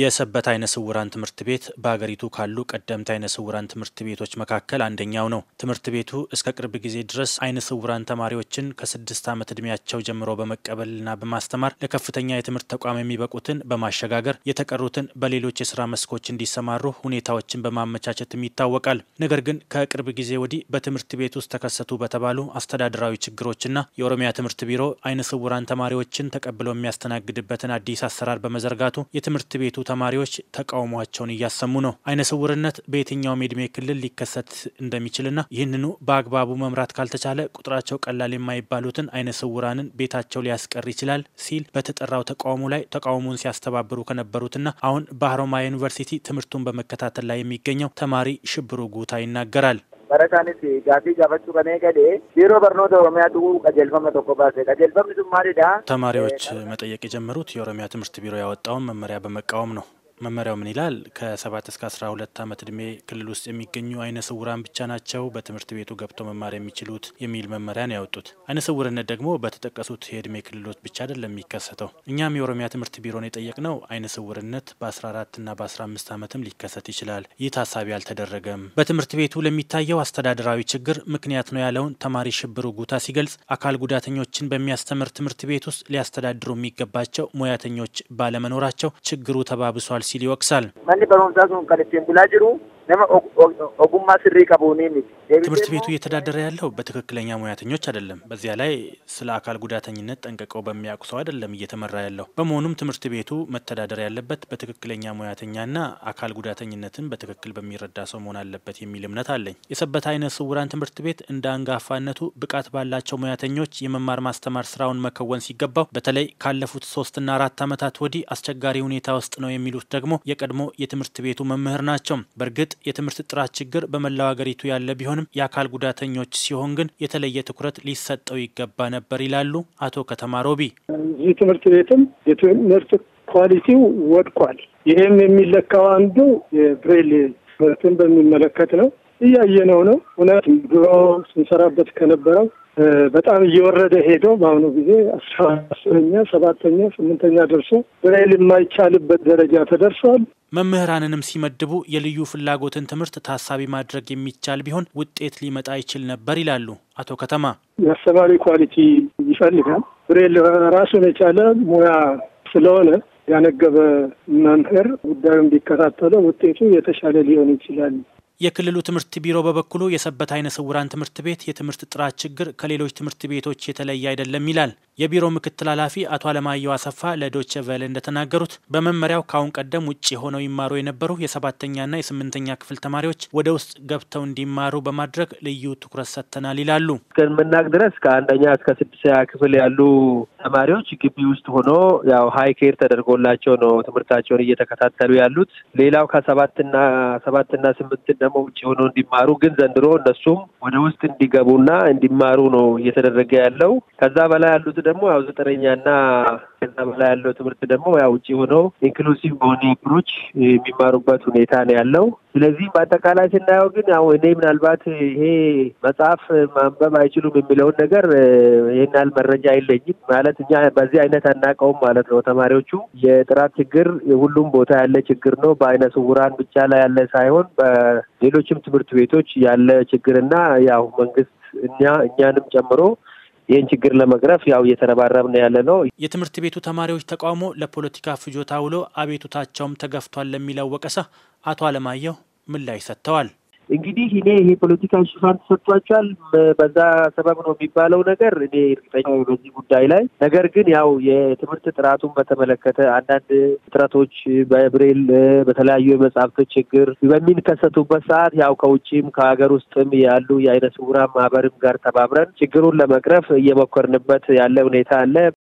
የሰበት አይነ ስውራን ትምህርት ቤት በሀገሪቱ ካሉ ቀደምት አይነ ስውራን ትምህርት ቤቶች መካከል አንደኛው ነው። ትምህርት ቤቱ እስከ ቅርብ ጊዜ ድረስ አይነ ስውራን ተማሪዎችን ከስድስት ዓመት ዕድሜያቸው ጀምሮ በመቀበልና በማስተማር ለከፍተኛ የትምህርት ተቋም የሚበቁትን በማሸጋገር የተቀሩትን በሌሎች የስራ መስኮች እንዲሰማሩ ሁኔታዎችን በማመቻቸትም ይታወቃል። ነገር ግን ከቅርብ ጊዜ ወዲህ በትምህርት ቤት ውስጥ ተከሰቱ በተባሉ አስተዳደራዊ ችግሮችና የኦሮሚያ ትምህርት ቢሮ አይነ ስውራን ተማሪዎችን ተቀብሎ የሚያስተናግድበትን አዲስ አሰራር በመዘርጋቱ የትምህርት ቤቱ የሚገመቱ ተማሪዎች ተቃውሟቸውን እያሰሙ ነው። አይነ ስውርነት በየትኛውም የዕድሜ ክልል ሊከሰት እንደሚችልና ይህንኑ በአግባቡ መምራት ካልተቻለ ቁጥራቸው ቀላል የማይባሉትን አይነ ስውራንን ቤታቸው ሊያስቀር ይችላል ሲል በተጠራው ተቃውሞ ላይ ተቃውሞውን ሲያስተባብሩ ከነበሩትና አሁን በሀሮማያ ዩኒቨርሲቲ ትምህርቱን በመከታተል ላይ የሚገኘው ተማሪ ሽብሩ ጉታ ይናገራል። barataanis gaaffii gaafachuu kan eegale biiroo barnoota ኦሮሚያቱ qajeelfama tokko baase qajeelfamni sun maalidha? ተማሪዎች መጠየቅ የጀመሩት የኦሮሚያ ትምህርት ቢሮ ያወጣውን መመሪያ በመቃወም ነው። መመሪያው ምን ይላል? ከሰባት እስከ 12 ዓመት እድሜ ክልል ውስጥ የሚገኙ አይነ ስውራን ብቻ ናቸው በትምህርት ቤቱ ገብተው መማር የሚችሉት የሚል መመሪያን ያወጡት። አይነ ስውርነት ደግሞ በተጠቀሱት የእድሜ ክልሎች ብቻ አይደለም የሚከሰተው። እኛም የኦሮሚያ ትምህርት ቢሮን የጠየቅነው አይነ ስውርነት በ 14 እና በ15 ዓመትም ሊከሰት ይችላል። ይህ ታሳቢ አልተደረገም። በትምህርት ቤቱ ለሚታየው አስተዳደራዊ ችግር ምክንያት ነው ያለውን ተማሪ ሽብሩ ጉታ ሲገልጽ አካል ጉዳተኞችን በሚያስተምር ትምህርት ቤት ውስጥ ሊያስተዳድሩ የሚገባቸው ሙያተኞች ባለመኖራቸው ችግሩ ተባብሷል siil yooksal. Manni barumsaa sun kan ittiin bulaa jiru nama ogummaa sirrii qabuuni ትምህርት ቤቱ እየተዳደረ ያለው በትክክለኛ ሙያተኞች አይደለም። በዚያ ላይ ስለ አካል ጉዳተኝነት ጠንቀቀው በሚያውቁ ሰው አይደለም እየተመራ ያለው። በመሆኑም ትምህርት ቤቱ መተዳደር ያለበት በትክክለኛ ሙያተኛና አካል ጉዳተኝነትን በትክክል በሚረዳ ሰው መሆን አለበት የሚል እምነት አለኝ። የሰበት አይነት ስውራን ትምህርት ቤት እንደ አንጋፋነቱ ብቃት ባላቸው ሙያተኞች የመማር ማስተማር ስራውን መከወን ሲገባው በተለይ ካለፉት ሶስትና አራት ዓመታት ወዲህ አስቸጋሪ ሁኔታ ውስጥ ነው የሚሉት ደግሞ የቀድሞ የትምህርት ቤቱ መምህር ናቸው። በእርግጥ የትምህርት ጥራት ችግር በመላው ሀገሪቱ ያለ ቢሆንም የአካል ጉዳተኞች ሲሆን ግን የተለየ ትኩረት ሊሰጠው ይገባ ነበር ይላሉ አቶ ከተማ ሮቢ። እዚህ ትምህርት ቤትም የትምህርት ኳሊቲው ወድቋል። ይህም የሚለካው አንዱ የብሬል ትምህርትን በሚመለከት ነው። እያየነው ነው። እውነት ድሮ ስንሰራበት ከነበረው በጣም እየወረደ ሄዶ በአሁኑ ጊዜ አስራ አስረኛ ሰባተኛ ስምንተኛ ደርሶ ብሬል የማይቻልበት ደረጃ ተደርሷል። መምህራንንም ሲመድቡ የልዩ ፍላጎትን ትምህርት ታሳቢ ማድረግ የሚቻል ቢሆን ውጤት ሊመጣ ይችል ነበር ይላሉ አቶ ከተማ። የአስተማሪ ኳሊቲ ይፈልጋል። ብሬል ራሱን የቻለ ሙያ ስለሆነ ያነገበ መምህር ጉዳዩን ቢከታተለው ውጤቱ የተሻለ ሊሆን ይችላል። የክልሉ ትምህርት ቢሮ በበኩሉ የሰበት አይነ ስውራን ትምህርት ቤት የትምህርት ጥራት ችግር ከሌሎች ትምህርት ቤቶች የተለየ አይደለም ይላል። የቢሮ ምክትል ኃላፊ አቶ አለማየሁ አሰፋ ለዶቼ ቬለ እንደተናገሩት በመመሪያው ከአሁን ቀደም ውጭ ሆነው ይማሩ የነበሩ የሰባተኛና የስምንተኛ ክፍል ተማሪዎች ወደ ውስጥ ገብተው እንዲማሩ በማድረግ ልዩ ትኩረት ሰጥተናል ይላሉ። እስከምናቅ ድረስ ከአንደኛ እስከ ስድስተኛ ክፍል ያሉ ተማሪዎች ግቢ ውስጥ ሆኖ ያው ሀይ ኬር ተደርጎላቸው ነው ትምህርታቸውን እየተከታተሉ ያሉት። ሌላው ከሰባትና ሰባትና ስምንትን ደግሞ ውጭ ሆኖ እንዲማሩ ግን ዘንድሮ እነሱም ወደ ውስጥ እንዲገቡና እንዲማሩ ነው እየተደረገ ያለው። ከዛ በላይ ያሉት ደግሞ ያው ዘጠነኛና ከዛ በላይ ያለው ትምህርት ደግሞ ያው ውጭ ሆነው ኢንክሉሲቭ በሆነ አፕሮች የሚማሩበት ሁኔታ ነው ያለው። ስለዚህ በአጠቃላይ ስናየው ግን ያው እኔ ምናልባት ይሄ መጽሐፍ ማንበብ አይችሉም የሚለውን ነገር ይህን ያህል መረጃ የለኝም። ማለት እኛ በዚህ አይነት አናውቀውም ማለት ነው። ተማሪዎቹ የጥራት ችግር ሁሉም ቦታ ያለ ችግር ነው። በአይነ ስውራን ብቻ ላይ ያለ ሳይሆን በሌሎችም ትምህርት ቤቶች ያለ ችግርና ያው መንግስት እኛ እኛንም ጨምሮ ይህን ችግር ለመቅረፍ ያው ነው ያለ ነው። የትምህርት ቤቱ ተማሪዎች ተቃውሞ ለፖለቲካ ፍጆታ ውሎ አቤቱታቸውም ተገፍቷል ለሚለው ወቀሳ አቶ አለማየሁ ምላሽ ሰጥተዋል። እንግዲህ እኔ ይሄ ፖለቲካ ሽፋን ተሰጥቷቸዋል፣ በዛ ሰበብ ነው የሚባለው ነገር እኔ እርግጠኛ በዚህ ጉዳይ ላይ ነገር ግን ያው የትምህርት ጥራቱን በተመለከተ አንዳንድ እጥረቶች በብሬል በተለያዩ የመጽሐፍቶች ችግር በሚንከሰቱበት ሰዓት ያው ከውጭም ከሀገር ውስጥም ያሉ የአይነ ስውራን ማህበርም ጋር ተባብረን ችግሩን ለመቅረፍ እየሞከርንበት ያለ ሁኔታ አለ።